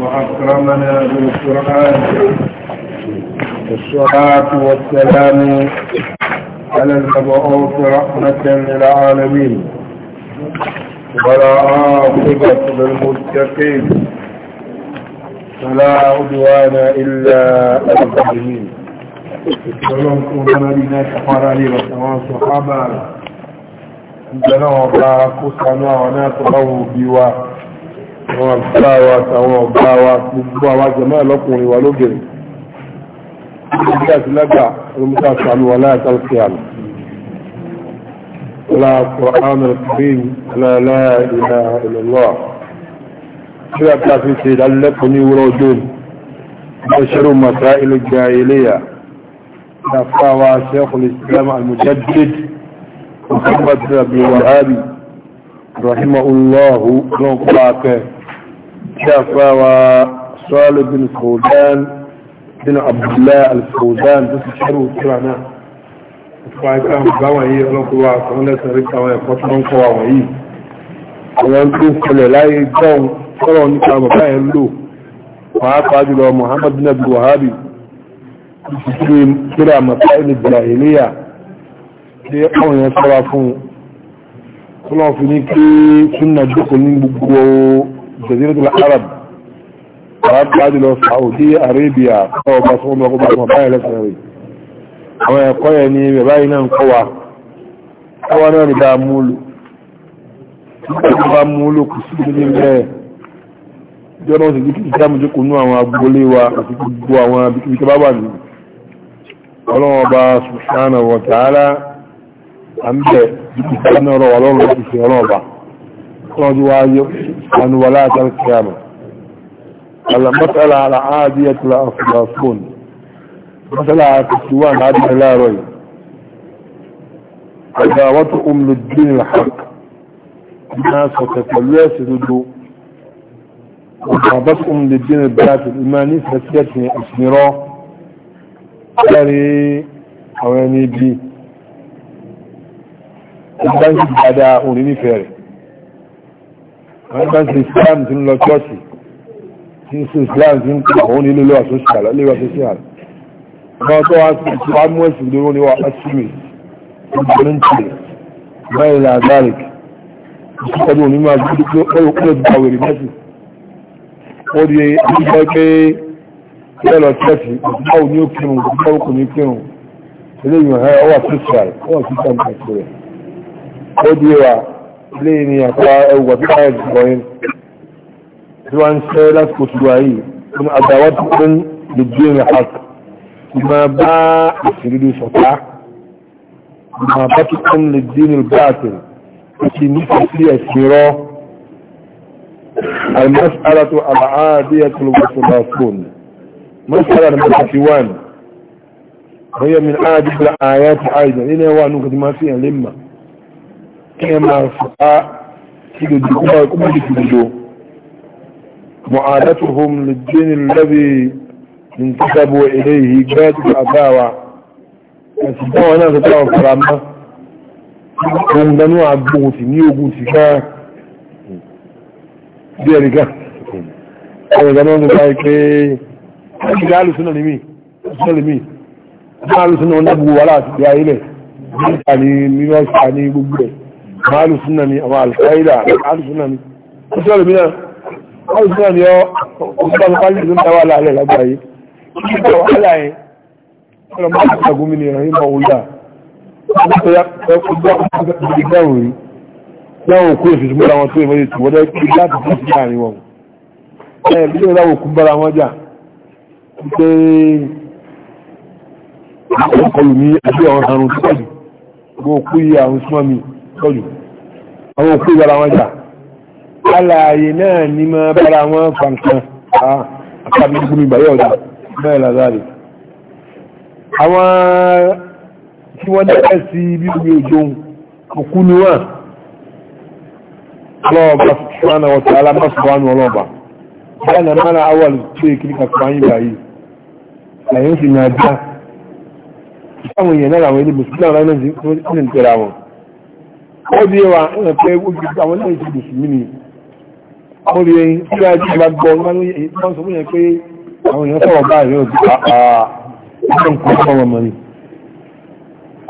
وأكرمنا بالقرآن والصلاة والسلام على المبعوث رحمة للعالمين ولا عاقبة للمتقين فلا عدوان إلا الظالمين Ọlọ́run tó bọ́nà ní náà ṣàfárá ní ìrọ̀sàwọn sọ̀hábà rẹ̀. Ìjọ náà àwọn àgbà wa àtàwọn ọ̀gá wa gbogbo àwọn jẹ̀mọ́ ẹ̀lọ́kùnrin wa lóbìnrin ìgbà àti lágbà olómúta sàánú wa láyàtà sí àmì ọlá Qur'an al-Karim aláàlá ìlà ìlọ́lọ́ tí a ta fi ṣe ìdánilẹ́kọ̀ọ́ ní wúrọ̀ ọjọ́ ìbáṣẹ́rù màtá ilẹ̀ gba iléyà ìdáfáwa Sheikhul Islam al-Mujaddid Muhammad Rabi Wahabi rahimahullahu lọ́nkọ́ akẹ́ شافا صالح بن فوزان بن عبد الله الفوزان بس شروا كرانا فايت ام غواي لو كوا كنا سرك كوا فتن كوا وي وان كو كل لا يجون كلون كما كان لو وقاعد لو محمد بن عبد الوهاب كرا مسائل الجاهليه دي قوم يصرفون كلهم في نيكي سنه دخول من بوكو jaziratul arab arab gbájú lọ saudi arabia kọ́ bá fún ọmọ ọgbọ́n báyìí lẹ́sẹ̀ rẹ̀ àwọn ẹ̀kọ́ yẹn ni bẹ̀bá yìí náà ń kọ́ wa káwa náà ní bá múlù nígbà bá múlù kò sí ní ilẹ̀ jọ́nà sì jíkì ìjáàmù jókòó nú àwọn agbolé wa àti gbogbo àwọn abikibika bá wà ní ọlọ́wọ́ subhanahu wa ta'ala à ń bẹ̀ jíkì ìjáàmù náà rọ̀ wà lọ́rùn láti fi قوض وايو عن ولاة القيامة المسألة على عادية الأصلافون مسألة على كسوان عادية لا رأي أم للدين الحق الناس وتتلوث ضده أم للدين البلاد الإيماني فسيتني أسمراء أري أواني بي الدين بعد أوليني فاري wọ́n bá ń ṣe islam tí ń lọ ṣọ́ọ̀ṣì tí ń ṣe islam tí ń kọ̀ òun nílé lọ́wọ́ social lọ́wọ́ social wọ́n tó wá sí ìtura mú ẹ̀sìn lórí ní wọ́n asúmì ìgbẹ̀rún tí báyìí là garlic ìṣọ́dún onímọ̀ àgbẹ̀dẹ́ pé ó kúrò bá wèrè mẹ́sì ó di àbújá pé bẹ́ẹ̀ lọ ṣọ́ọ̀ṣì ìgbà òní ó kírun ìgbà òkú ní kírun eléyìí ọ̀hẹ́ ọwà social ọwà social mẹ́sì rẹ̀ ó di wa ilé ni àpá ẹwà tó káyà jù wọ́n yẹn tí wọ́n ń ṣe lásìkò tó wà yìí fún àgbàwọ́ tó ń lè jẹ́ ìrìn àk máa bá òṣèlú sọ̀tá máa bá tó ń lè jẹ́ ìrìn báàtì ìṣì nípa sí ẹ̀sìn rọ́ المسألة العادية المتلاقون مسألة 31 هي من عادة الآيات أيضا إلى وأنك ما فيها لما kí ẹ máa fà á kí dodo kó máa kó máa di dodo mu'adatuhum lid-din alladhi intasabu ilayhi gbẹ́tù àbáwa ẹ̀sìn táwọn náà tó táwọn fara mọ́ ohun gbanú àgbóhun sí ní ogun sí ká bí ẹ̀rí ká ọ̀rọ̀ ìgbà náà ń gba ike ẹ̀rí ká lùsùn náà ní mí lùsùn náà ní mí lùsùn náà lùsùn náà ń dábùú wàhálà àti ìgbà ilẹ̀ ní mímọ́ ìsà ní gbogbo ẹ̀ máàlù súnà ni àwọn alkaida máàlù súnà ni ó tí ọlọ́mìnà máàlù súnà ni ọ ọgbà mọ́kànlẹ̀ tó ń tàwà láàrẹ̀ lágbàáyé kí ó wàhálà ẹ̀ ọlọ́ máa ń tàgún mi ní ẹ̀rọ ìmọ̀ òwúlà láwọn òkú èsì túnbọ̀ láwọn tó ìmọ̀lẹ̀ tó wọ́dẹ́ kí láti fún sí àárín wọn ẹ̀ bí ó láwọn òkú bára wọn jà pé àwọn ọkọlù ní àbí àwọn àrùn tó pẹ̀lú gbogbo òkú yìí àrùn súnmọ́ mi kọjù àwọn òkú ìbára wọn jà alààyè náà ní ma bára wọn fàǹkan ah, àkàbí gúnmi bàyọ̀ ọ̀dà bẹ́ẹ̀ lázàrí àwọn tí wọ́n dẹ́kẹ́ sí bí omi òjò òkú ni wọ́n lọ́ọ̀bá sọ́nà wọ́ta alámọ́sọ̀wánú ọlọ́ọ̀bá bẹ́ẹ̀ na mọ́nà awọ́l tí èkìrí kàkàmá yìí báyìí lẹ́yìn sì ní ajá ìsáwọn èèyàn náà àwọn ilé mùsùlùmí àwọn ẹni tí ń tẹ̀ra wọn ó di ẹwà ẹ̀rọ pé ojú àwọn ilé ìṣèlú sùnmí ni ó rí ẹyin tí a ti gba gbọ́ wọn wọ́n sọ fún yẹn pé àwọn èèyàn sọ̀rọ̀ báyìí ó ti pàpà ẹgbẹ́ nǹkan fún ọmọ mọ́ ni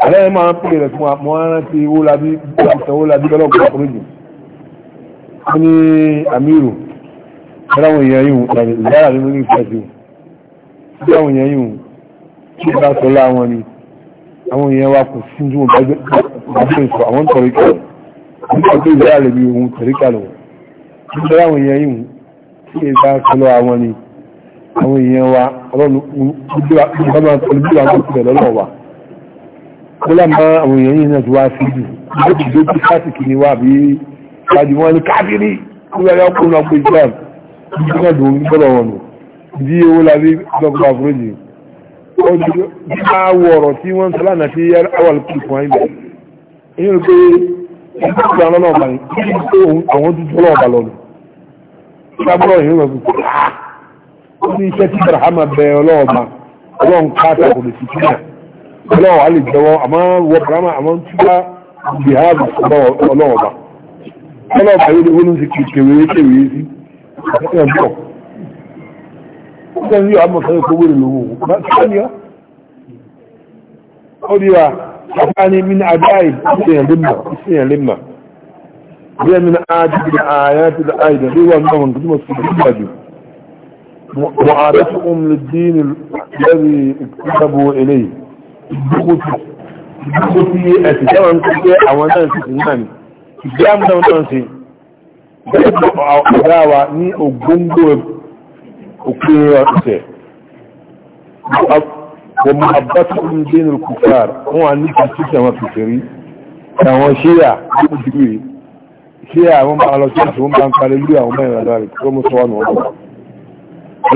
àlẹ́ yẹn máa ń pè rẹ̀ fún wa mọ́ ara ti wó labí ìṣẹ́ wó labí lọ́lọ́gbọ̀n ọkùnrin jù ó ní amíru ẹ̀rọ àwọn èèyàn yìí ìyára nínú ní ìfẹ́ sí ẹ̀rọ àwọn èèyàn yìí kí ọdún ìsọ àwọn tọ̀ríkà nígbà tó ìyá rẹ̀ bí ohun tọ̀ríkà lọ nígbà àwọn èèyàn yìí tí èyí bá sọlọ àwọn ni àwọn èèyàn wa ọlọ́run ìjọba máa tọ́lú bí wọn kọ́sílẹ̀ lọ́lọ́ wa kólà mọ́ àwọn èèyàn yìí náà ti wá sí jù ó ti dé bí kásìkì ni wà bí wájú wọn ni káfírí kúrẹ́rẹ́ ọkùnrin ọkùnrin islam nígbà dùn gbọ́dọ̀ wọn nù bí owó la rí lọ́gbà fúrójì ó ti máa wọ ọ̀rọ̀ tí wọ́n ń sọ lánàá sí awàlùkù fún àyìnbá èyí rẹ̀ pé ẹgbẹ́ ìgbà ọ̀nà náà bàrí kí ni pé àwọn dúdú ọlọ́ọ̀bà lọ́nu sábúrọ̀ yìí rẹ̀ pé ah! ó ní iṣẹ́ tí Ibrahima bẹ káàtà kò lè fi ọlọ́ọ̀ jẹ́wọ́ àmọ́ wọ Ibrahima àmọ́ ń yìí ń fi sí الثاني من عجائب اسمها لما اسمها لما هي من عاجب الآيات الآيدة هو أنهم قدموا السجود معارفهم للدين الذي اكتسبوا إليه ìdúkòtí ẹ̀sìn jẹ́ wọn pé àwọn náà ti sìn náà ni ìgbé àmúdáwọn náà ṣe bẹ́ẹ̀bù àdáwà ní ògbóngbò òpin ọ̀sẹ̀ ومحبتهم بين الكفار هو عندي كنتيجة ما فكري كانوا شيعة مدري شيعة هم على سنس هم عن قليلية وما إلى ذلك هم صوان والله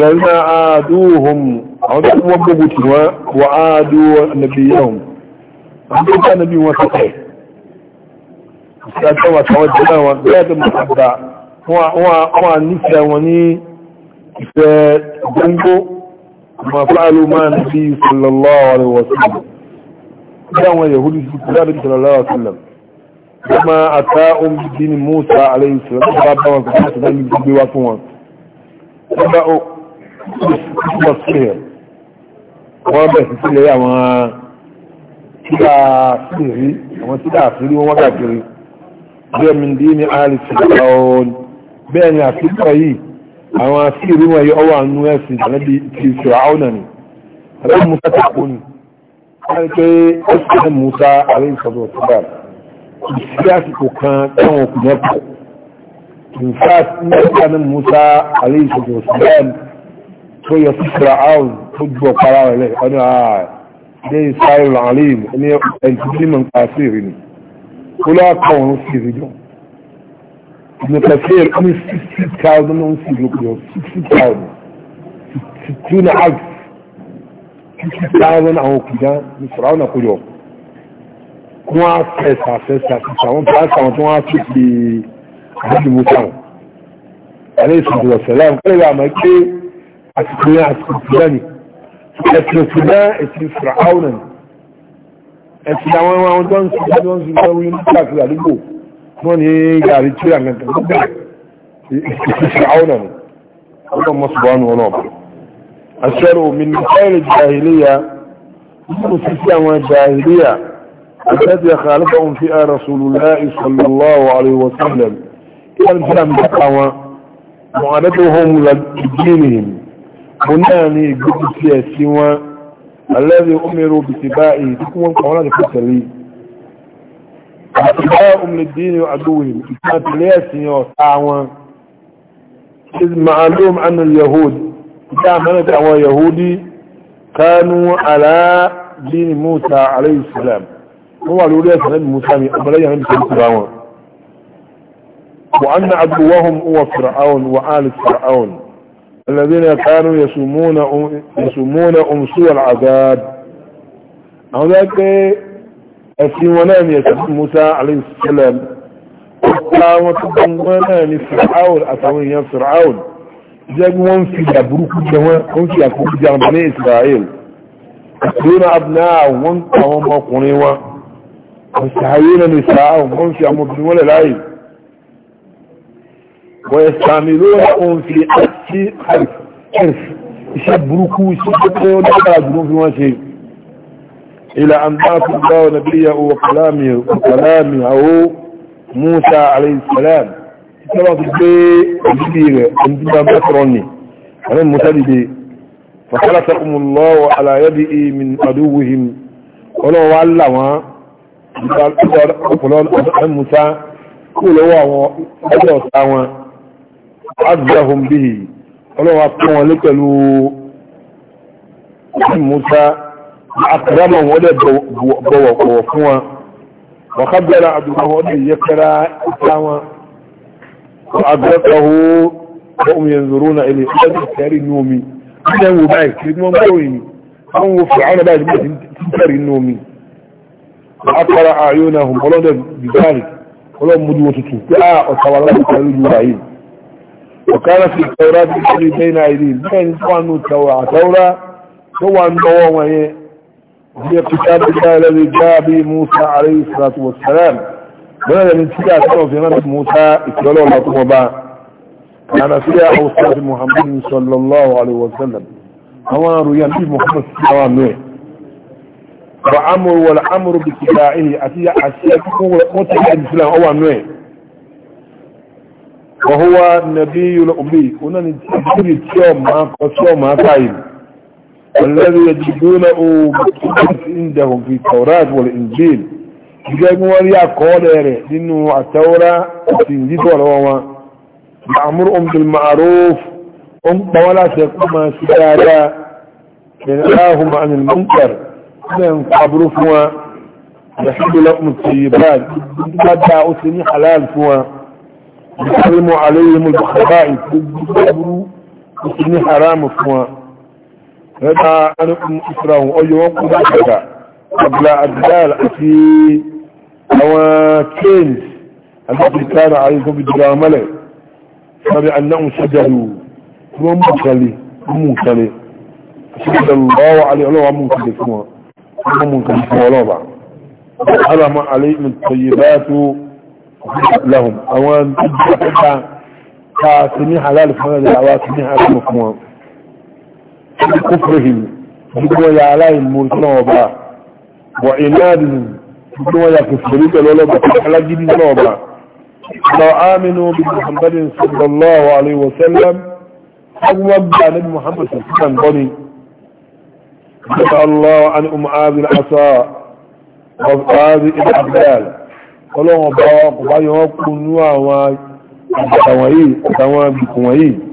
لما عادوهم عندهم وببوتهم وعادوا نبيهم عندهم كان نبي وسطي استاذوا توجهنا وقيادة محبة هو هو هو نسى وني في جنبه ما فعلوا ما النبي صلى الله عليه وسلم كانوا يهودي في كتاب صلى الله عليه وسلم وما أتاهم بدين موسى عليه السلام ربما وزكاة من الجب وفوا فبقوا اسم الصهر وما سيسل يا ما سلا سهري وما سلا سهري وما كاكري بين من دين آل فرعون بين يا فرعون àwọn asírí wọn yọ ọwọ́ àánú ẹ̀sìn ìdánilẹ́bí ti ìṣòro àwọn ni àbẹ́ musa ti kú ni wọ́n pé ó sì fẹ́ musa àrẹ́ ìsọ̀rọ̀ tó bá kò sí àsìkò kan táwọn kò yẹ pọ̀ in fact nígbà ní musa àrẹ́ ìsọ̀rọ̀ tó bá tó yọ sí ìṣòro àwọn tó ju ọ̀pára rẹ̀ ọ̀nà ààrẹ ní ìsáyẹ̀ ràn àlẹ́ ìlú ẹni ẹ̀ǹtí tí mọ̀ ń pa sí ìrìn ni kó lọ́wọ́ káwọn sí ìrìn jọ ibn kafir ó ní sixty thousand ó ń sì lókè ọ sixty thousand sixty and a half sixty thousand àwọn òkúta ní sọ̀rọ̀ àwọn àkójọ wọ́n á fẹ̀sà fẹ̀sà fẹ̀sà wọ́n bá sàwọn tí wọ́n á fi fi àdéhùn mú sáwọn àlẹ́ ìsìnkú ọ̀sẹ̀lá nǹkan ìwà àmọ́ pé àsìkò yẹn àsìkò ìfúdá ni ẹ̀sìn ìfúdá ẹ̀sìn ìfúra áwọn ẹ̀sìn àwọn ẹ̀wọ̀n tó ń sùn tó ń sùn tó ń sùn káàkiri àdúgbò من يجاري تشوي عن انت يشعونا الله من مخيل الجاهلية مصيصي عن الجاهلية أشد يخالفهم فئة رسول الله صلى الله عليه وسلم كان فئة معاندهم لدينهم هناني قد سياسي الذي أمروا باتباعه تكون قولات فتلي أتباعهم للدين وعدوهم كانت ليسن يوسعون إذ معلوم أن اليهود كانت أهو يهودي كانوا على دين موسى عليه السلام هو قالوا لي سنة موسى أبليه هم سنتباعون وأن عدوهم هو فرعون وآل فرعون الذين كانوا يسمون يسمون أمسوا العذاب أو ẹ̀sìn wọn náà ni ẹ̀sìn Musa alayhi salam ọ̀pá wọn tó gbọ́n wọn náà ni Fir'aun àtàwọn èèyàn Fir'aun jẹ́ kí wọ́n fi ìyà burúkú jẹ wọn wọ́n fi àkókò jẹ àwọn ní Israel àtúnà abúlé àwọn àwọn ọmọkùnrin wọn ọ̀sàáyé náà ni Fir'aun wọ́n fi àwọn obìnrin wọn lẹ̀ láàyè wọ́n ẹ̀sàmì ló wọ́n fi àti àìsí iṣẹ́ burúkú iṣẹ́ tó dára jù إلى أن بعث الله نبيه وكلامه وكلامه أو موسى عليه السلام سبب البيت الكبير عندما بكرني أنا المسلم فخلفكم الله على يده من عدوهم ولو علم قال فلان موسى قولوا وقالوا سوا عزهم به ولو أقوى لكلوا موسى akẹ́rẹ́mọ̀ wọ́n dẹ̀ bọ̀wọ̀ fún wọn wọ́n ká bẹ̀rẹ̀ àdúgbò wọ́n dẹ̀ yẹ kẹ́rẹ́ ìta wọn wọ́n agbẹ́kọ̀ hó wọ́n yẹn zòrò na ilé wọ́n dẹ̀ kẹ́rì inú omi wọ́n dẹ̀ wò báyìí kí wọ́n gbọ́ yìí wọ́n wò fún àwọn báyìí nígbà tí kẹ́rì inú omi wọ́n akọ́ra ayé náà hùn wọ́n dẹ̀ bìbáàrì wọ́n mú diwọ́ tutù pé a ọ̀tà wà láti kẹ́rì inú ayé وكان في التوراة الذي بين أيديهم بين كانوا التوراة التوراة هو أن ضوء هي كتاب الله الذي جاء به موسى عليه الصلاة والسلام ولا من سيئة سنة في نفس موسى اتبالوا الله طبعا كان سيئة أوصاف محمد صلى الله عليه وسلم هو رؤيا نبي محمد صلى الله عليه وسلم وعمر والعمر باتباعه أتيا أشياء متعد بسلام هو نوي وهو نبي الأمي ونحن نتبعي تيوم ما قصوا ما قائم والذي يجدونه عندهم في التوراة والإنجيل يجب أن يقول إنه التوراة والإنجيل والهوى يأمرهم بالمعروف هم ولا تقوم سيارة ينهاهم عن المنكر لأن فوا يحب لهم الطيبات بدأ أسني حلال فوا يحرموا عليهم الخبائث بدأ أسني حرام فوا هذا أنا أم إسرائهم أي وقت ذلك قبل أجلال أتي أو كينز الذي كان عليكم بالجاملة فبأنهم سجدوا ثم مصلي مصلي سجد الله عليه الله مصلي كما مصلي كما لوضع حرم عليهم الطيبات لهم أوان تجد كاسمي حلال فهذا العواسمي حلال مفهوم بكفرهم بدون يعلم مرتنا وبا وعنادهم بدون يكفرين لولا بكفر جديد وبا آمنوا بمحمد صلى الله عليه وسلم أبوابا نبي محمد صلى الله عليه وسلم بني الله عن أم هذه العصاء وهذه الأبدال ọlọ́wọ́n bá wá kò bá yọ wọ́n kú ní àwọn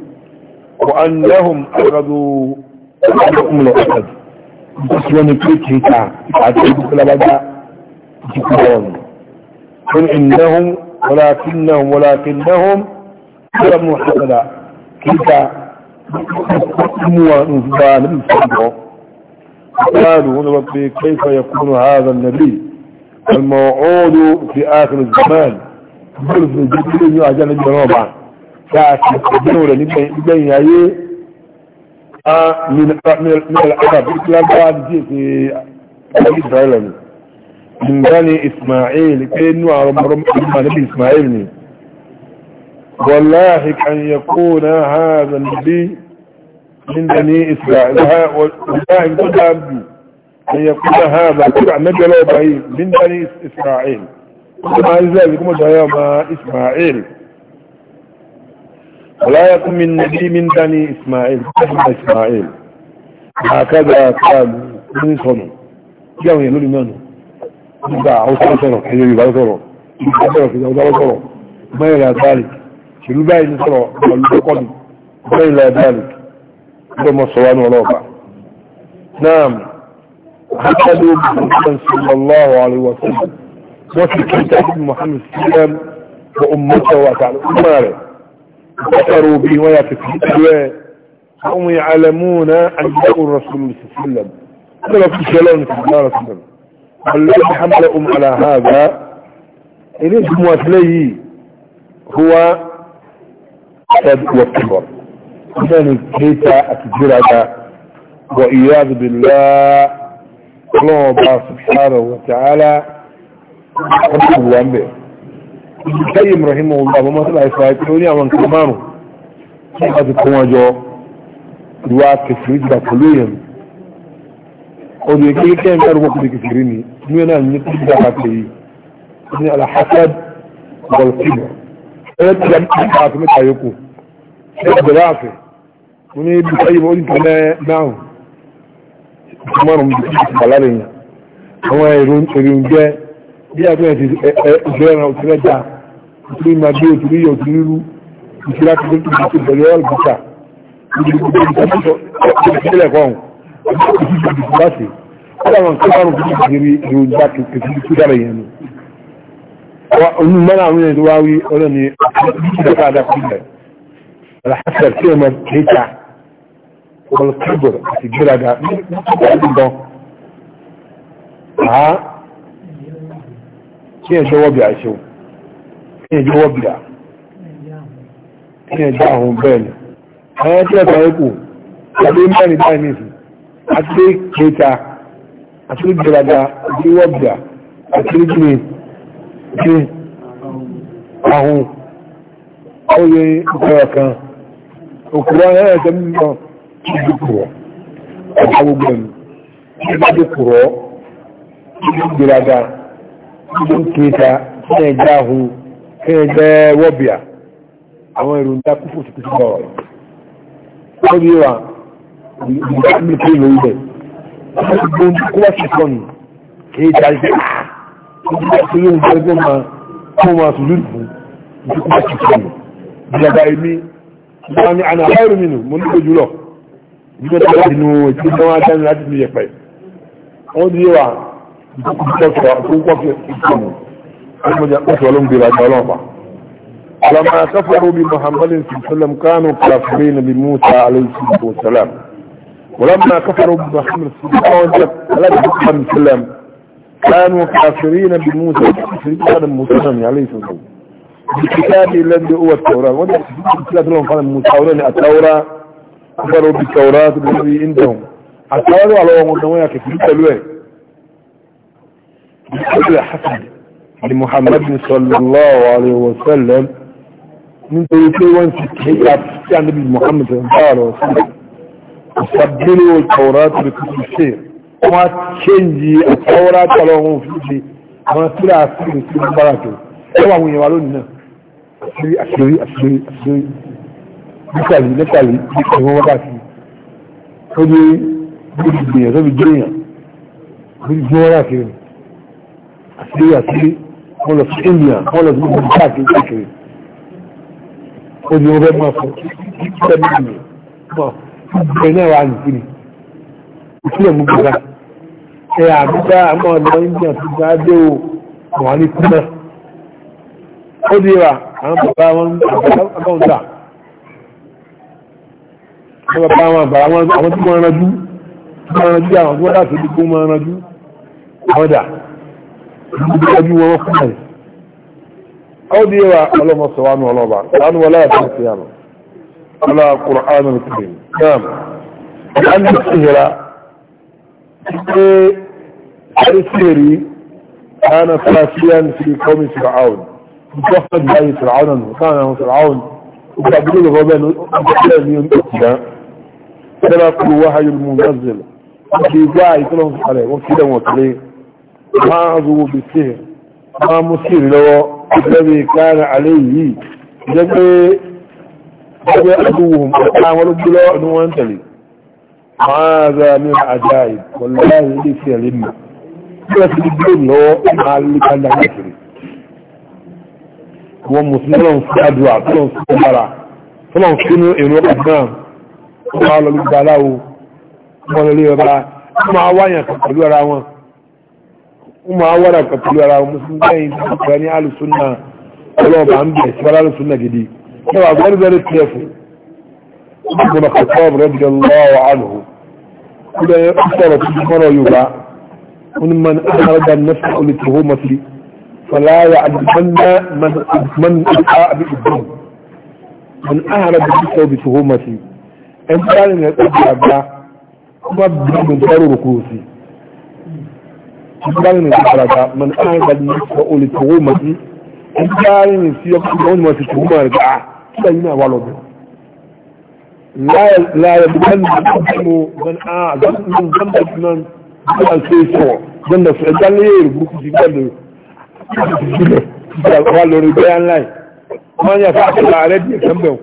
وأنهم أردوا قل إنهم ولكنهم ولكنهم لم يحصل كيف يقوموا نفضان بسرعه قالوا ربي كيف يكون هذا النبي الموعود في آخر الزمان برز جبريل يعجل الجنوبة كأسف الدولة لبين يأيه من من العرب في إسرائيل من بني إسماعيل كأنه رم نبي إسماعيل والله أن يكون هذا النبي من بني إسرائيل والله أن يكون هذا تدعى النبي من بني إسرائيل وما ذلك ما إسماعيل ولا يكن من نبي من بني إسماعيل إسماعيل هكذا قال من صنع جاءوا يقولوا لي مانو يبقى عوصر صنع حيوي بقى صنع يبقى في دولة صنع ما إلى ذلك شلو بقى إن صنع والقل ما إلى ذلك ثم الصوان والوضع نعم حتى دوب صلى الله عليه وسلم وفي كتاب محمد السلام وأمته وأتعلم أماره كفروا به ولا هم يعلمون أن يقول الرسول صلى الله عليه وسلم هذا في شلون صلى الله عليه وسلم حملهم على هذا إليه مواصليه هو قد والكبر اذن كيف أتجرد وإياذ بالله الله سبحانه وتعالى أبوه أمبه ìtẹ́yì ibrahim ọlọ́wọ́ àbọ̀ mọ́sílá ìfà ìpínlẹ̀ oní àwọn nǹkan márùn-ún tí wọ́n ti kó wọn jọ ìwà kẹfìrí jìdà pẹ̀lú èèyàn ọdún èkéyé kẹ́yìn kẹ́rù wọ́n kúrò kẹfìrí ni inú náà ní kí jìdà kàtẹ́ yìí ní alhasad bọ̀lfìbà ẹ̀rẹ́ ti dà ní kàtà àti mẹ́ta yòókù ẹ̀rẹ́ bẹ̀rẹ̀ àfẹ́ mo ní ibi ìtẹ́yì mọ́ oníkan náà bí a fẹ́ ìgbẹ́ ẹran òtún ẹja òtún ìmọ̀ bí òtún ìyọ̀ òtún rírú ìṣúra tó tó tó tó pẹ̀lú ọ̀rọ̀ bùkà ìgbìmọ̀ ìgbìmọ̀ ìgbìmọ̀ kan ìgbìmọ̀ ìgbìmọ̀ aláwọn tó bá rùn kí ìgbìmọ̀ èròjà kìkìkì tó dára yẹn ni ọ̀nù mọ́nà àwọn ènìyàn tó wá wí ọ̀nà ni ìṣẹ̀dá àdàkùnlẹ̀ alhassan tí wọ́n kéka ọ̀lọ́kẹ́bọ̀ àti gbéraga ní ọ̀dọ́ kí ẹ jọ̀wọ́ bí àṣẹ o kí ẹ jọ̀wọ́ bí à kí ẹ já àwọn bẹ́ẹ̀ ni àwọn tí ẹ̀ka ẹ̀kù tàbí mẹ́rin báyìí nìsí àti kéta àti gbẹ̀rẹ̀dà àti wọ́bìà àti gbìnì kí àwọn oyè ìpẹ́rẹ̀ kan òkúrọ̀ ẹ̀ẹ́sẹ̀ mímọ̀ kí dúkùrọ̀ ọ̀pá gbogbo ẹ̀mí kí dúkùrọ̀ kí gbẹ̀rẹ̀dà nkita sẹ́yìn jẹ́ ahu sẹ́yìn jẹ́ wọ́bìà àwọn èrò ń dákú fún òṣìṣẹ́ bọ̀ọ̀rọ̀ ó bí wà ìgbà mi kí ló ń bẹ̀ gbogbo kó wá ṣùkọ́ nù kí é jáde sí ìgbà tó yóò ń bẹ̀rẹ̀ tó máa tó máa sùn lùdù ìdí kó لما كفروا بمحمد صلى الله عليه وسلم كانوا كافرين بموسى عليه الصلاة والسلام ولما كفروا بمحمد صلى الله عليه وسلم كانوا كافرين بموسى كافرين موسى عليه الصلاة والسلام بالكتاب الذي هو التوراة ولكن ثلاثة لهم قال موسى التوراة كفروا بالتوراة الذي عندهم التوراة على وهم النوايا بالتوراه بقول حسن لمحمد صلى الله عليه وسلم من طريقه وان تتحيي نبي محمد صلى الله عليه وسلم وصدلوا التوراة بكل شيء وما تشنجي التوراة لهم في شيء وما تلع السير في المباركة هو من يوالون أسري أسري أسري أسري نسالي نسالي نسالي هو مباركة هذه بيجي الدنيا هذه الدنيا هذه الدنيا àṣírí àṣírí wọ́n lọ sí India wọ́n lọ sí gbogbo káàkiri káàkiri ó ní ọbẹ̀ máa fún kíkẹ́ mímu mọ́ gbogbo náà wà nìkiri ìtúlẹ̀ mú gbogbo ẹ àbúgbà àmọ́ ọ̀dọ́ India tó gbá dé o wà ní kúnà ó di wa àwọn bàbá wọn àbáwọn dà wọ́n bàbá wọn àbára àwọn tí wọ́n rájú tí wọ́n gbogbo wọn fún ẹ̀ ọ́ di wa ọlọ́mọ sọ̀wánú ọlọ́ba sọ̀wánú wọlé àti ìfìyàmù ọlá kùránù kìrì náà wọ́n ní ìhìrà pé àrísìrì كان فاسيا في قوم فرعون متوفد به فرعون وكان فرعون وقبلوا له بين الذين تلقوا وحي المنزل في جاء يتلهم عليه وكذا وكذا بعضه بالسهر ما مسير له الذي كان عليه جبه جبه عدوهم وحاولوا بلا أنه أنتلي هذا من عجائب والله ليس يلم بس يقول له ما اللي كان يسري هو مسلم في أدواء فلن في مرع فلن في إنو أبنام قال له بلاو قال لي بلا ما وين كان قالوا wọ́n máa wọ́dà kan pẹ̀lú ara wọn mùsùlùmí lẹ́yìn tó kọ́ ní alùsùnà ọlọ́ọ̀bà ń bẹ̀ sí alùsùnà gidi ṣé wà very very careful ọmọ kọ̀ọ̀kọ́ rẹ̀bí lọ́wọ́ àlùhù kúrẹ́ ọ̀sọ̀rọ̀ tó kọ́rọ̀ yorùbá wọn mọ̀ ní ọ̀sọ̀rọ̀dà nẹ́fà olùtòwò mọ̀sí fàlàyà àdìmọ́nà mọ̀nà àbí ìbọn wọn áhàrà bí sísọ olùtòwò mọ̀sí ẹn tí wọ́n rìn rẹ̀ tó bí àgbà wọ́n bí ìgbàlẹ̀ ní ìgbàlẹ̀ mọ̀n án ìgbàlẹ̀ ní olùtòwò mọ̀tí ìgbàlẹ̀ ní sí ọkùnrin ọmọ ìmọ̀ ìtòwò mọ̀ rẹ̀ gbà kílẹ̀ yìí náà wà lọ́dọ̀ láàrẹ̀ bí wọ́n ní mo mọ̀n án gbọ́ndà tí wọ́n gbọ́dà sí sọ̀ gbọ́ndà sí ẹja lé èrè burúkú sí gbọ́dọ̀ sílẹ̀ wà lórí bẹ́ẹ̀ ńlá yìí wọ́n yà fún àkọlà rẹ̀ díẹ̀ sẹ́mbẹ̀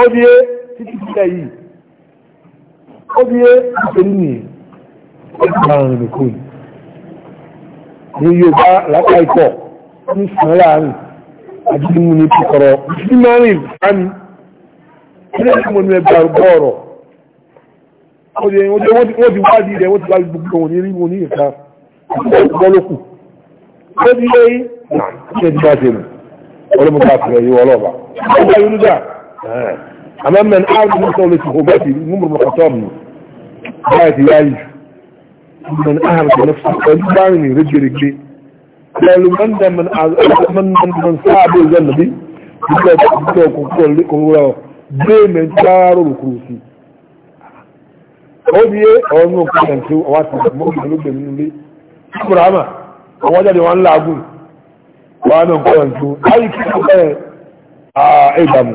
ó di títí sílẹ̀ yìí ó bí é àtẹ́lú ní ìgbàrún nìkú ní Yorùbá lápá ikọ̀ ní sàn láàrin àdúgbò ní kíkọrọ ní márùn ìfani ilé ìgbìmọ̀ ní ẹgbà bọ́ọ̀rọ̀ wọ́n ti wádìí rẹ̀ wọ́n ti wádìí gbogbo wọn ní ríwọ ní ìka bọ́lókù ó bí é náà ṣe ti bá ṣe nù ọlọ́mọta fẹ̀rẹ̀ yíwọ́ ọlọ́ba ó bá yorùbá amma man a'rada min qawlati ghubati umar al-khattab ayati yayi man a'rada nafsa qalbani rajul rajul قالوا من ده من من من من صعب النبي يقول كل كل gbéèmẹ̀ jáàrò òkúrùsí ó bí ọ̀rún òkúrùsí tí wá ti mọ́kànlá lóògbé nínú ilé ṣùgbọ́nàmà àwọn jáde wọn láàgùn wọ́n náà kọ́rọ̀ tí ó láyé kí ó bẹ́ẹ̀ àìgbàmù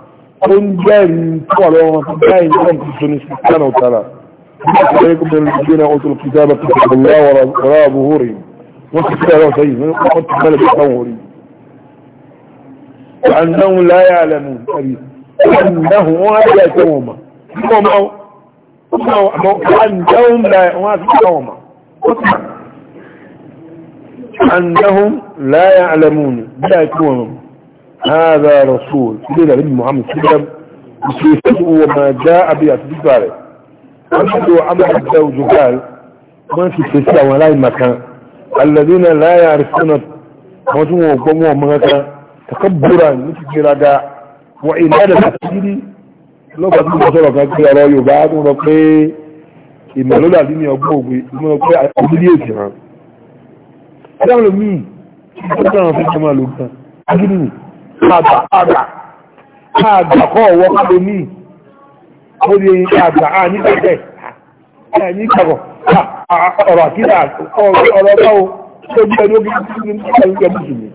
ونجان طوالوا ونجان لهم في السنة سبحانه وتعالى عليكم من الذين أوتوا الكتاب كتاب الله وراء ظهورهم لا يعلمون أبي أنهم لا أنهم لا أنهم لا يعلمون لا يتوما هذا رسول إلينا نبي محمد صلى الله عليه وسلم وما جاء به أتباره أشهد عمل أبدا وجهال ما في سيسا ولا مكان الذين لا يعرفون مجموع وقوموا مكان تكبرا مثل جرادا وعنادة تسجيلي لو قد نصر كان كي يرى يبعد ونقي إما لولا دين يبوغ إما نقي أمليتي ها أنا أقول مين أنا أقول مين أنا أقول مين àgbà àgbà àgbà kọ́ ọ̀wọ́ kábò ní àbórí àgbà àní tẹ́tẹ́ ẹ̀yìn kàbọ̀ ọ̀rọ̀ àkídà ọ̀rọ̀ báwo tó bí ẹni ogun tí ní ìpàlú jẹ mùsùlùmí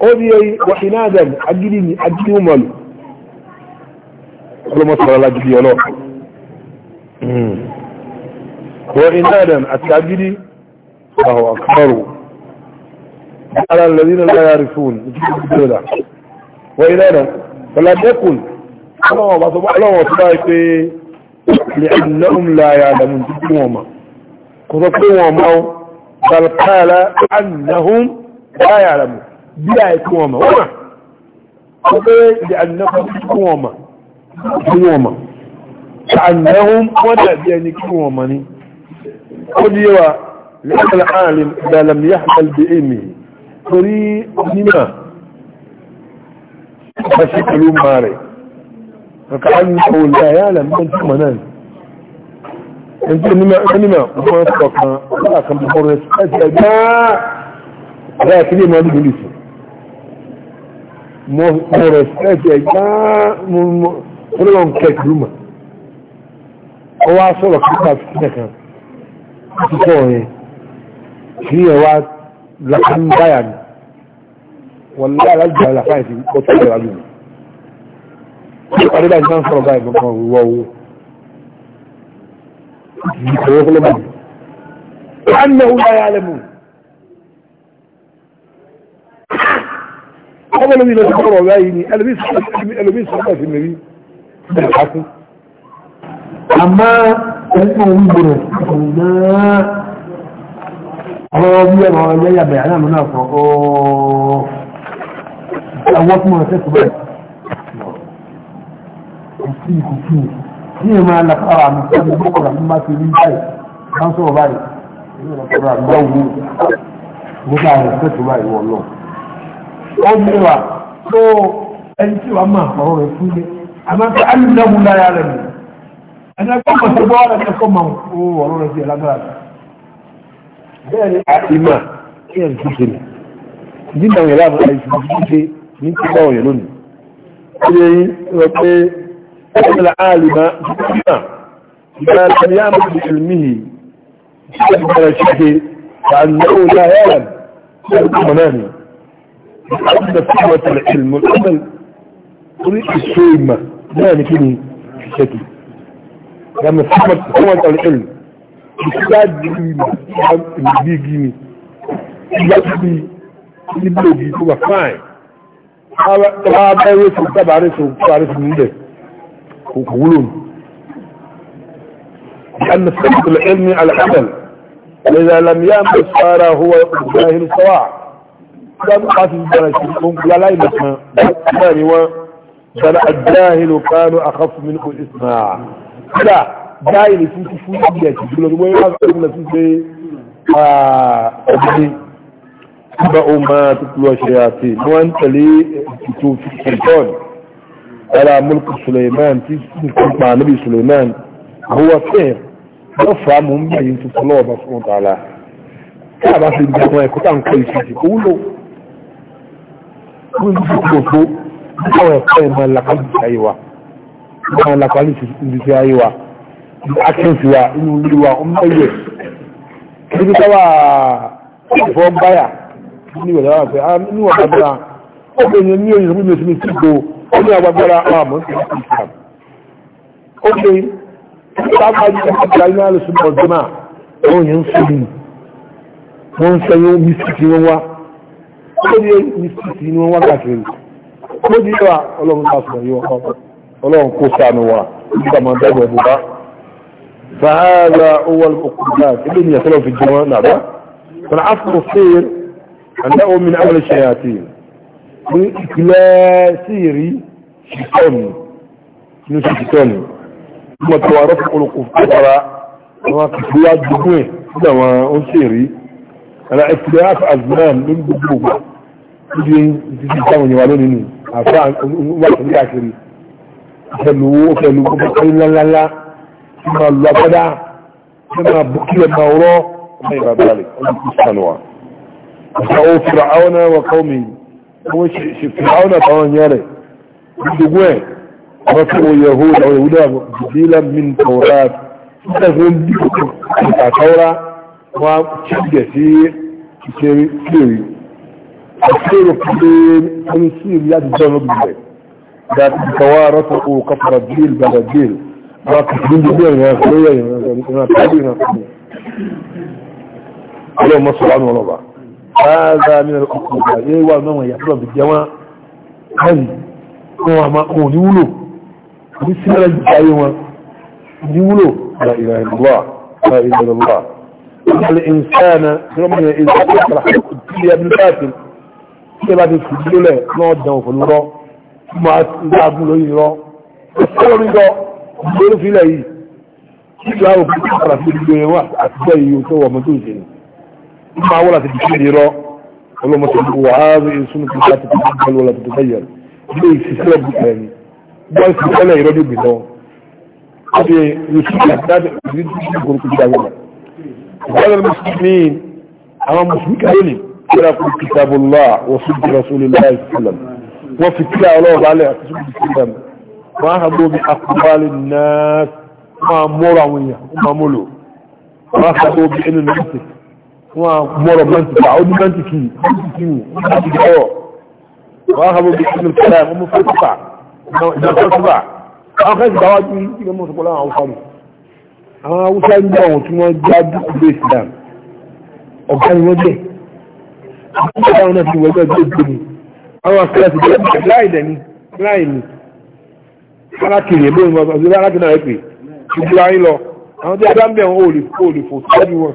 ó ní ẹyí wà iná àdàn agídí ni agídí mọ̀lù ọlọ́mọ sọ̀rọ̀ lágídí ọlọ́ wà iná àdàn àti agídí àwọn akọrù على الذين لا يعرفون وإلانا فلم يكن الله سبحانه الله سبحانه إيه؟ لأنهم لا يعلمون جدهم كذبهم بل قال أنهم لا يعلمون بلا يكونهم وما لأنهم جدهم جدهم لأنهم ولا بأنكوهم قد يرى لأن العالم إذا لم يحمل بإمه قريب منه kashi kalu mare ka an ko la ya la mun kuma nan in ji nima nima kuma ko kan Allah kan bi hore sai da da kidi ma dubi su mo hore sai da mo kulon ke kuluma o wa so lo ka fi kan ti ko e ki e wa la kan bayan wọ́n lé alájà rẹ̀ láfáì sí ọtí ìjọba lájú mi. Adébáyé náà ń sọ̀rọ̀ báyìí gbọ̀ngàn òwúwọ́ owó. Ìkọ̀wé fúnlẹ̀ báyìí. Wọ́n náà wúlò ayé alẹ́ mu. Ọmọ lóbi lọ sí ọ̀rọ̀ ọ̀rọ̀ yìí ni Ọ̀rọ̀ bí àwọn tí wọ́n ṣe tó bẹ́ẹ̀. Èsì ìkùkù ní ìmọ̀ alákàrà mi sọ́dọ̀ ìgbókòrò àti máa ti rí báyìí, máa ń sọ̀rọ̀ báyìí, ìlú ọ̀pọ̀lọpọ̀ àgbáwò nígbà rẹ̀ fẹ́ tó báyìí wọ̀ lọ. Ó ní wa tó ẹni tí wàá máa fọ̀rọ̀ rẹ̀ fún mi, àmọ́ tí alùpùpù láyà rẹ̀ mi. Ẹni ẹgbẹ́ mọ̀ sí bọ́ ní tí bá òyìn lónìí ó yẹ yí rọ pé ọ̀pọ̀lọpọ̀ àlìmá jùlọ ìgbà tàbí àmà ìlmìhì ìgbà ìgbàra ṣíṣe فأنه لا يعلم منامي أن قوة العلم والعمل طريق السيمة لا يمكنني في شكل لما فهمت قوة العلم بساد اللي بيجيني يجبي اللي بيجي هو فاين tọ́wọ́ abẹ́wé tó tábàárí tó tábàárí tó لأن السبب العلمي على العمل إذا لم يعمل صار هو الجاهل سواء لا بقات الجاهل لا لا يمسنا الثاني هو بل الجاهل كانوا أخف منه الإسماع لا جاهل في فيه يجي يقول له في هذا يقول له آه، اتبعوا ما تتلو الشياطين وانت لي تتوب في السلطان على ملك سليمان تتوب مع نبي سليمان هو سحر افهمهم بين تطلعوا سبحانه وتعالى كما في الجماعة كنت عن كل شيء تقولوا كنت تقولوا أو يقول ما لقد أيوة ما لقد أيوة الأكل فيها إنه لوا أمي كيف توا فهم بيا níwẹ̀ lára fẹ́ níwọ̀ agbára obìnrin ní oyin ìrìnlẹ̀ ìsinmi sí ìgbò ó ní agbára àmọ́ sí ìsìlám ókè sábàájú agbára iná lè súnmọ́ ọ̀dọ́mà wọ́n yẹn ń sọ́yìn wọ́n ń sẹ́yìn mísìkì wọn wá ó ní mísìkì ni wọ́n wá káàkiri ó ní wà ọlọ́run bá sọ̀rọ̀ yìí wọ́n ọlọ́run kó sànù wà nígbà máa dẹ́gbẹ̀ ẹ̀bù bá فهذا هو الأقدام ابن يسلم في الجمال نعم فالعفو الصير أنه من أول الشياطين من إكلا سيري شيطان من شيطان ثم توارف قلوق فترة وما كفلات دموه دواء سيري على اختلاف أزمان من بجوبة يجين يجين يوالونني عفان وقت الكاكري فلو فلو فلو لا لا لا ثم الله بدا ثم بكي المورو ما يبقى ذلك أنت تستنوى أو فرعون وقومه هو فرعون طبعا يرى بدقوه رفعوا يهود أو يهودا بديلا من توراة تفهم ديكوكا توراة وشبه في كيري الخير القليل تنسير يد جنب الله ذات الكوارث كفر الديل بلا الديل راكب من الدين يا أخويا يا أخويا اللهم صل على محمد هذا من الأخوة يوى من يحرم بالجواء هل هو ما هو نولو بسم الله نولو لا إله إلا الله لا إله إلا الله الإنسان ربنا إذا تفرح يا ابن القاتل كيف تفضل له نقعد دم في الله ثم أتعب له يرى السبب إذا يقول في الله كيف يعرف يفرح في الدنيا واحد أتبعي يسوى مدوزين ما ولا تبكير يرى والله ما تبكوا هذه سنة لا تتبدل ولا تتغير ليه سلسلة بكاني بل سلسلة يرى بنوم أبي يسوع الأحداث يريد أن يقول كل دعوة قال المسلمين أما مسلمين كهلي قرأوا كتاب الله وصدق رسول الله صلى الله عليه وسلم وفكر الله عليه رسول السلام ما هدوا بأقوال الناس ما مروا وما ملوا ما هدوا بأن نفسك wọn mọ̀rọ̀ mọ́ntìkà ó ní mọ́ntìkì mọ́ntìkì láti gẹ́rọ̀ wọ́n ha gbogbo ìsinmi kẹrẹ mọ́ mọ́ fẹ́sùpà ìjọsọ́sọ́sọ́sọ́ àwọn kẹ́sì bá wájú ní ìgbẹ́ mọ́sọ̀pọ̀ láwọn haúsá mi àwọn haúsá ń bọ̀ wọn tí wọ́n já dúkù bẹ́ ìsìlám ọ̀gá ni wọ́n jẹ́ àwọn náà fi wọ́gbẹ́ tó gbé mi àwọn akẹ́sì bẹ́ẹ̀ láì dẹ̀ ni láì ni alákìrì ẹ̀bẹ́ wọn ọ̀sẹ̀ alákìrì náà rẹ̀ pé ìgbìlá yín lọ àwọn tí a bá ń bẹ̀ wọn ò lè fò síwájú wọn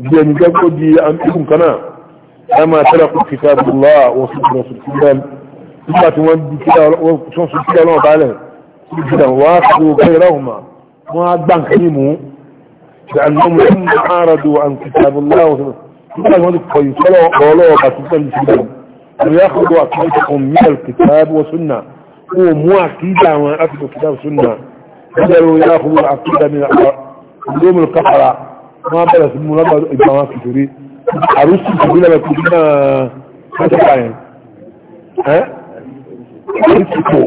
بين جبودي أن يكون كنا أما تلقوا كتاب الله وصف رسول الله ثم تودي كده وصف كده الله تعالى كده واخذوا غيرهما ما أدبان كريمه لأنهم لم عارضوا عن كتاب الله وصف ثم تودي فيصلوا قولوا بسيطة لسلام ويأخذوا أكيدكم من الكتاب والسنة هو مو عقيدة ما أخذوا كتاب والسنة بدأوا يأخذوا العقيدة من علوم الكفرة wọ́n bẹ̀rẹ̀ sí mú lọ́dọ̀ ìgbà wọn kìtìrí àrùsù kìtìrí lọ́dọ̀ kìtìrí náà wọ́n ti pa yẹn ẹ́ ní ti pò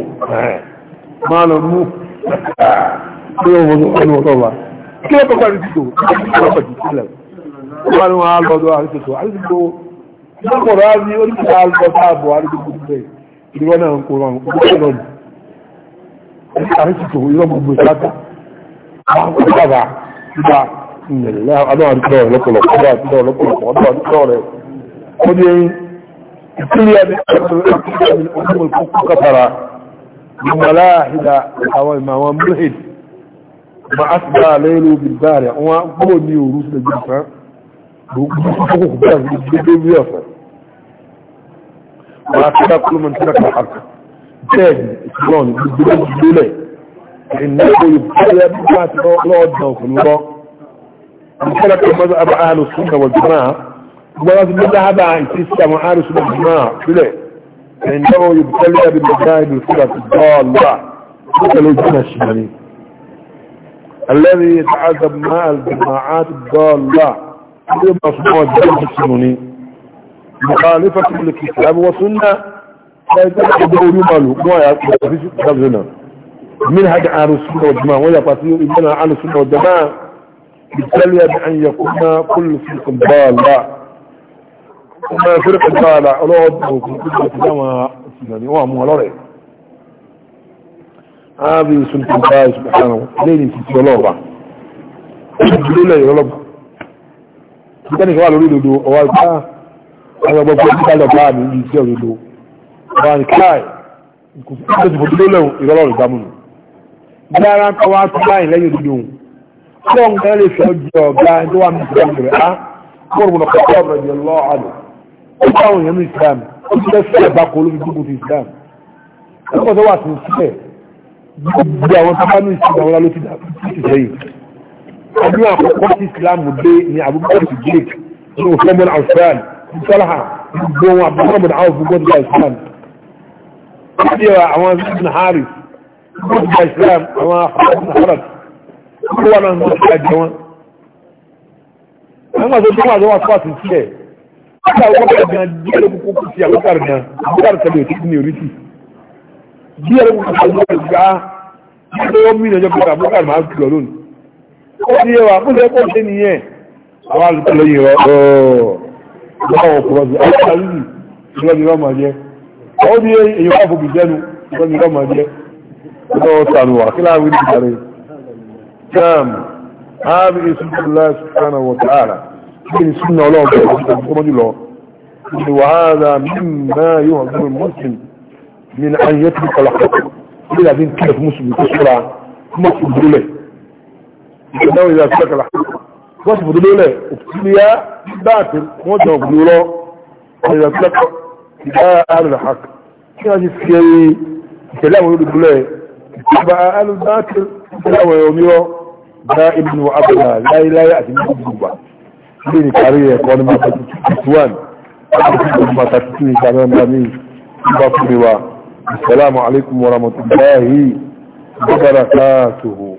máa lọ mú kí wọ́n mọ̀ ọ́nà ọ̀tọ̀ wa kí wọ́n kọ́kọ́ àrùsù tó wọ́n pẹ̀lú sílẹ̀ wọ́n ni wọ́n á lọ́dọ̀ àrùsù tó àrùsù tó wọ́n kọ̀ rọ́ ní oríṣi àlọ́ sáàbọ̀ àrùsù tó ti bẹ̀rẹ̀ ìdíwọ́n náà ń kó wọn ó lọ́dọ̀ àrùsù tó ìrọ̀mọ̀ gbèsè الملاحدة او الموام ملحد ما اصبع ليله بالبارع وقبل ان يروس للجنفة ولا ترى كل من ترك الحق تاجي اسلام بالدولة انه يبقى يبقى يبقى يبقى يبقى امثلة مذهب اهل السنة والجماعة مذهب تسمى اهل السنة والجماعة ليه؟ انه يبتلى بالمذاهب الفرق الضالة مثل الجنة الشمالية الذي يتعذب مع الجماعات الضالة يوم مصنوع الجنة السنوني مخالفة للكتاب والسنة لا يتعذب يماله ما يفيش منهج اهل السنة والجماعة ولا فاتيه ابنها اهل السنة والجماعة بالتالي بأن يكون كل فرق ضالة وما فرق ضالة الوضع وكل كما يعني هو مولاري هذه سنة الله سبحانه لين في الله لله يا رب kitani kwa lori dodo o wa ta ala bo ko ta lo ba mi ji se dodo ba ni kai ko ko dodo lo irolo lo damu ni dara ko wa ta yin dodo kọ́n kan lè sọ jù ọ̀gá tó wà ní ìsìlámù rẹ̀ á mọ̀rùn mọ̀nà kọ́kọ́ ọ̀rọ̀ yẹn lọ́ àlọ́ ó bá àwọn èèyàn ní ìsìlámù ó ti lẹ́sẹ̀ ẹ̀bá kó lóbi dúkùn ti ìsìlámù ẹ̀kọ́ tó wà sí sílẹ̀ gbogbo àwọn tó bá ní ìsìlámù ló ti dà sí sẹ́yìn ọdún àkọ́kọ́ sí ìsìlámù dé ní Abubakar Siddiq ní òfin Afghan ìsọ́láhà gbogbo wọn àbúkọ́ mọ̀nà àwọn gbogbo ti gba ìsìlámù ó ti àwọn ìsìlámù àwọn kó wà náà wọ́n ti ká jẹ wọ́n. wọ́n máa tó tó máa tó wà fún àtúntì ẹ̀ nígbà wọ́n bẹ̀rẹ̀ gan díẹ̀ ló kókó kù sí àbúkàrì gan àbúkàrì tẹ̀lé òtí ní orí tì díẹ̀ kù sí àbúkàrì gbá nígbà wọ́n mí ìrìnàjò pẹ̀lú àbúkàrì máa ń kìlọ̀ lónìí. ó ti yẹ wa bó kó ṣe nìyẹn àwọn àlùkò lóyìn rẹ báwọn kò rọ́ọ̀sì àwọn àlùkò àwọn bí èèyàn wà fòkì jẹ́nu ìrọ́ọ̀sì rọ́ọ̀mà jẹ́ lọ́wọ́ sànù wà التام هذه سنة الله سبحانه وتعالى من سنة الله وهذا مما يعظم المسلم من أن يترك الحق إلا من كيف مسلم بسرعة مصف دولي لأنه إذا ترك الحق مصف دولي ابتليا باطل موجه بدوله إذا ترك إذا أهل الحق كان يسكي كلامه يقول دولي اتبع أهل الباطل كلامه يوميه دائم وابدا لا لا ياتي بالقوه دين كاريه كون ما تتوان ما تتوان كمان بني بصروا السلام عليكم ورحمه الله وبركاته